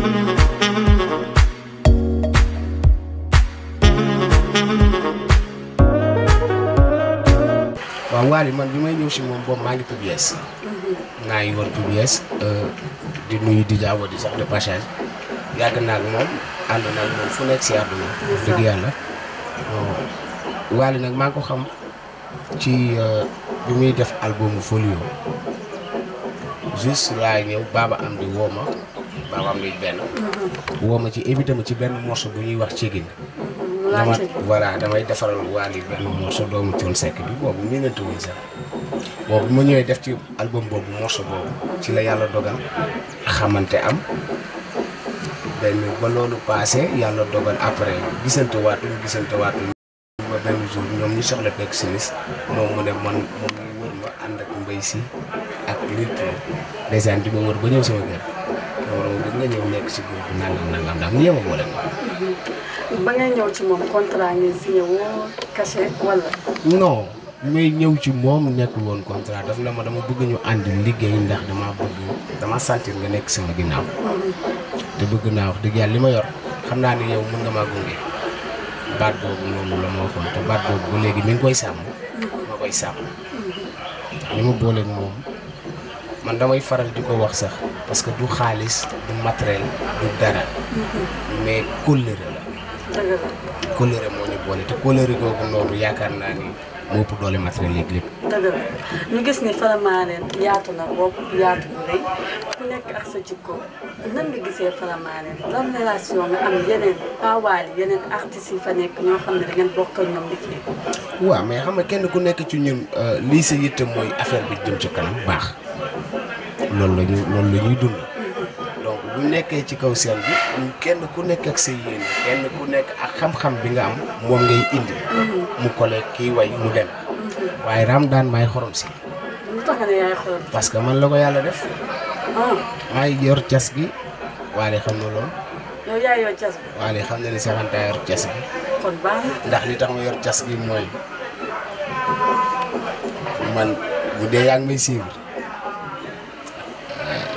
waaw Wally man bi may ñëw si moom boobu maa ngi PBS naa mm-hmm. ngi woon euh, di nuyu di jaawo di sax de passage yàgg naa ak moom ànd naa moom fu nekk si àdduna dëgg yàlla euh, Wally nag maa ko xam ci euh, bi muy def albumu folio juste laay ñëw Baba Amdi woo ma maa am luy benn. Mhm. woo ci évité ma ci benn morso bu ñuy wax cégin. Mhm. dama voilà damay defaral waa li benn morso doomu Thione Seck bi boobu miinante bu ma ñëwee def ci album boobu morso boobu. ci la yàlla dogal xamante am. benn ba loolu passé yàlla dogal après gisante waatuñ gisante waatuñ ba benn jour ñoom ñu soxla percussionniste moom mu ne man moom muy wër ma ànd ak mbay si ak lil pro dèjà di ma wër ba ñëw sama kër dama doon nga ñëw nekk si groupe nangam nangam ndax mu yema boole ko. Mm-hmm. ba ngay ñëw ci moom contrat ngeen signé woo cachet wala. non may ñëw ci moom nekkul woon contrat daf la ma dama bëgg ñu ànd liggéey ndax dama bëgg dama sentir nga nekk sama ginnaaw. Mm-hmm. te bëgg naa wax dëgg li ma yor xam naa ne yow mën nga maa gunge baat boobu moom la ma waxoon te baat boobu léegi mi ngi koy sàmm. Mm-hmm. ma koy sàmm. ndax li ma moom. man damay faral di ko wax sax parce que du xaalis du matériel du dara mais kóllëre la kóllëre moo ñu boole te kóllëre googu noonu yaakaar naa ni moo ëpp doole matériel yeeg lépp ñu gis ni Faramareen yaatu na bopp yaatu bu rëy ku nekk ak sa jikko nan nga gisee Faramareen lan relation nga am yeneen paawaal yeneen artistes yi fa nekk ñoo xam ne da bokk ñoom liggéey waaw mais xam nga kenn ku nekk ci ñun euh, lii sa yitte mooy affaire bi jëm ci kanam baax loolu la ñu loolu ñuy dund mm-hmm. donc bu nekkee ci kaw seen bi kenn ku nekk ak say yéene kenn ku nekk ak xam-xam bi nga am moom ngay indi mm-hmm. mu kole kii way mu dem mm-hmm. waaye daan may xorom si parce que man la ko yàlla def ah. maa ngi yor cas bi waale xam na loolu yow yor cas gi xam na cas gi ndax li tax ma yor cas gi mooy man bu yaa ngi may suivre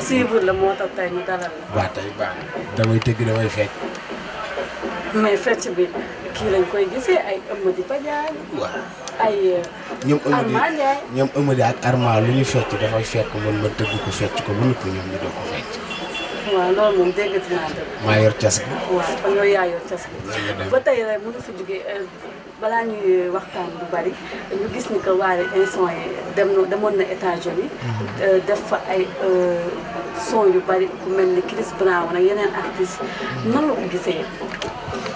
suivre la moo tax tey ñu dalal la. waaw tey baax damay tëgg damay fecc. mais fecc bi kii lañ koy gisee ay ëmb di Badiane. waaw ay. Euh, ñoom ëmb di ak Arma lu ñu fecc dafay fekk man ma tëgg ko fecc ko ba noppi ñoom ñu doog ko fecc. waaw loolu moom déggati naa la. maa yor cas bi. waaw kon yow tey rek mënu fa jógee euh, balaa ñuy waxtaan bu bari ñu gis ni que waale instant yi dem na na États-Unis mhm. euh, def fa ay euh, son yu bari ku mel ni Chris Brown ak yeneen artistes mhm. nan la ko gisee.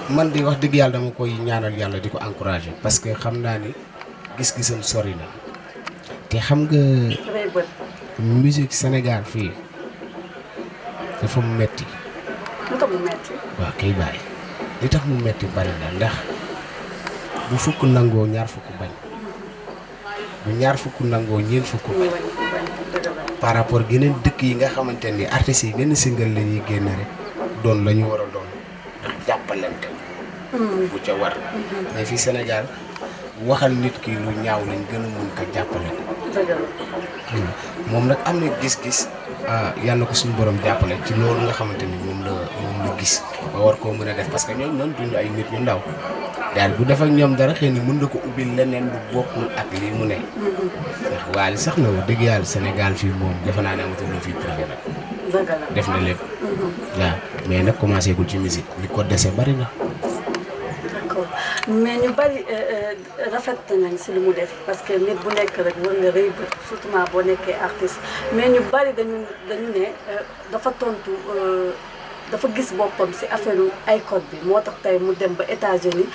man di wax dëgg yàlla dama koy ñaanal yàlla di ko encourager parce que xam naa ni gis-gisam sori na te xam nga. musique Sénégal fii. dafa mu metti lu tax mu metti waaw bàyyi li tax mu metti bari na ndax bu fukk nangoo ñaar fukk bañ bu ñaar fukk nangoo ñeent fukk bañ par rapport geneen dëkk yi nga xamante ni artistes yi benn single leen yi génne rek doon lañu ñu war a doon ndax jàppalante hmm. bu ca war hmm. mais fii Sénégal waxal nit kii lu ñaaw lañ gën a mën ko jàppale moom nag am na gis-gis ah, yàlla ko suñu borom jàppale ci loolu nga xamante ni moom la gis ba war koo mën a def parce que ñoom noonu duñu ay nit ñu ndaw daal bu def ak ñoom dara xëy na mën na ko ubbil leneen lu bokkul ak lii mu ne ndax waali sax na wax dëgg yàlla Sénégal fii moom defe naa ne amatul lu fii privé nag def na lépp mhm. waaw mais nag commencé gul ci musique li ko dese bari mais ñu bari euh, euh, rafet nañ si li mu def parce que nit bu nekk rek war nga rëy bët surtout boo nekkee artiste mais ñu bari dañu dañu ne euh, dafa tontu dafa gis boppam si affaire ay code bi moo tax tey mu dem ba États-Unis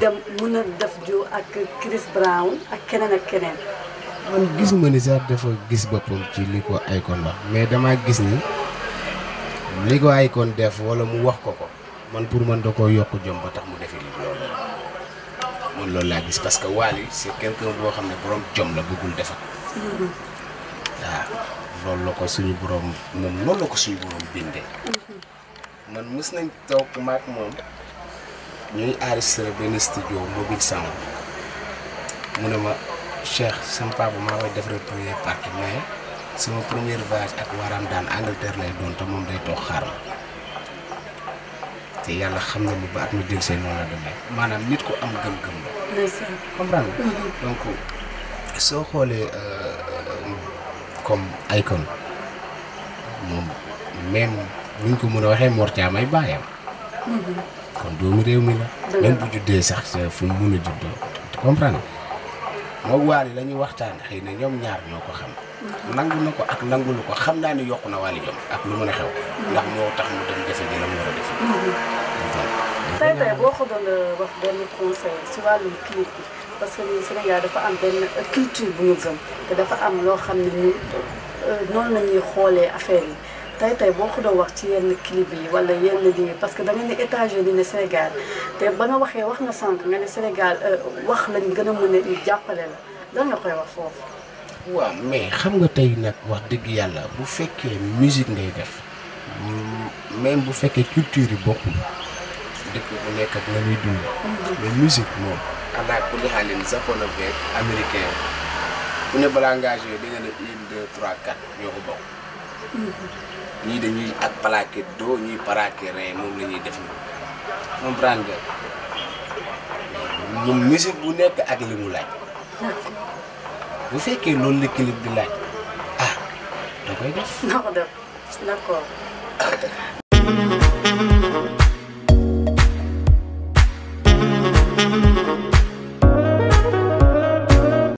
dem mun a def ju ak Chris Brown ak keneen ak keneen. man gisuma ni sax dafa gis boppam ci li ko Akon wax mais damaa gis ni li ko Akon def wala mu wax ko ko man pour man da koo yokk jom ba tax mu defi li loolu man loolu laa gis parce que Wally c'est quelqu'un boo xam ne boroom jom la bëggul defar waaw loolu la ko suñu boroom moom loolu la ko suñu borom bindee man mës nañ toog maak moom ñuy enregistré benn studio mobile sound mu ne ma Cheikh sama papa maa koy defaral première partie mais sama première voyage ak waram daan Angleterre doon te moom day toog xaar ma te yàlla xam nga ni ba at ma dégg see noonu la demee maanaam nit ko am gëm-gëm la. Mm-hmm. soo xoolee euh, comme Akon moom même ni ñu ko mën a waxee Mor ay baayam. Mm-hmm. kon doomu réew mi la. même bu juddee sax fu mu mun a juddoo comprendre moog Waly la ñuy waxtaan xëy na ñoom ñaar ñoo ko xam nangu na ko ak nangu lu ko xam naa ni yokk na Waly jom ak lu mën a xew ndax moo tax mu dem defe ji la mu war a euh, si wàllum clinique bi parce que ñun Sénégal dafa am benn euh, culture bu ñu gëm te dafa am loo xam ne ñun euh, noonu xoolee affaire yi tey tey boo ko doon wax ci yenn clip yi wala yenn lii parce que da nga ne étranger di ne Sénégal te ba nga waxee wax nga sànq nga ne Sénégal euh, wax lañ gën a mën a jàppale la lan nga koy wax foofu. waaw mais xam nga tey nag wax dëgg yàlla bu fekkee musique ngay def même bu fekkee culture yi bokkul dëkk bu nekk ak la muy dund. Mm-hmm. mais musique moom. xanaa ku li xaalin japonais ak américain ku ne balaa engagé di nga ne une deux trois quatre ñoo ko bokk. ñii dañuy ak plaqué doo ñuy plaqué ree moom la def ñu comprendre nga ñoom musique bu nekk ak li mu laaj bu fekkee loolu la clip bi laaj ah da koy def. d'accord d'accord.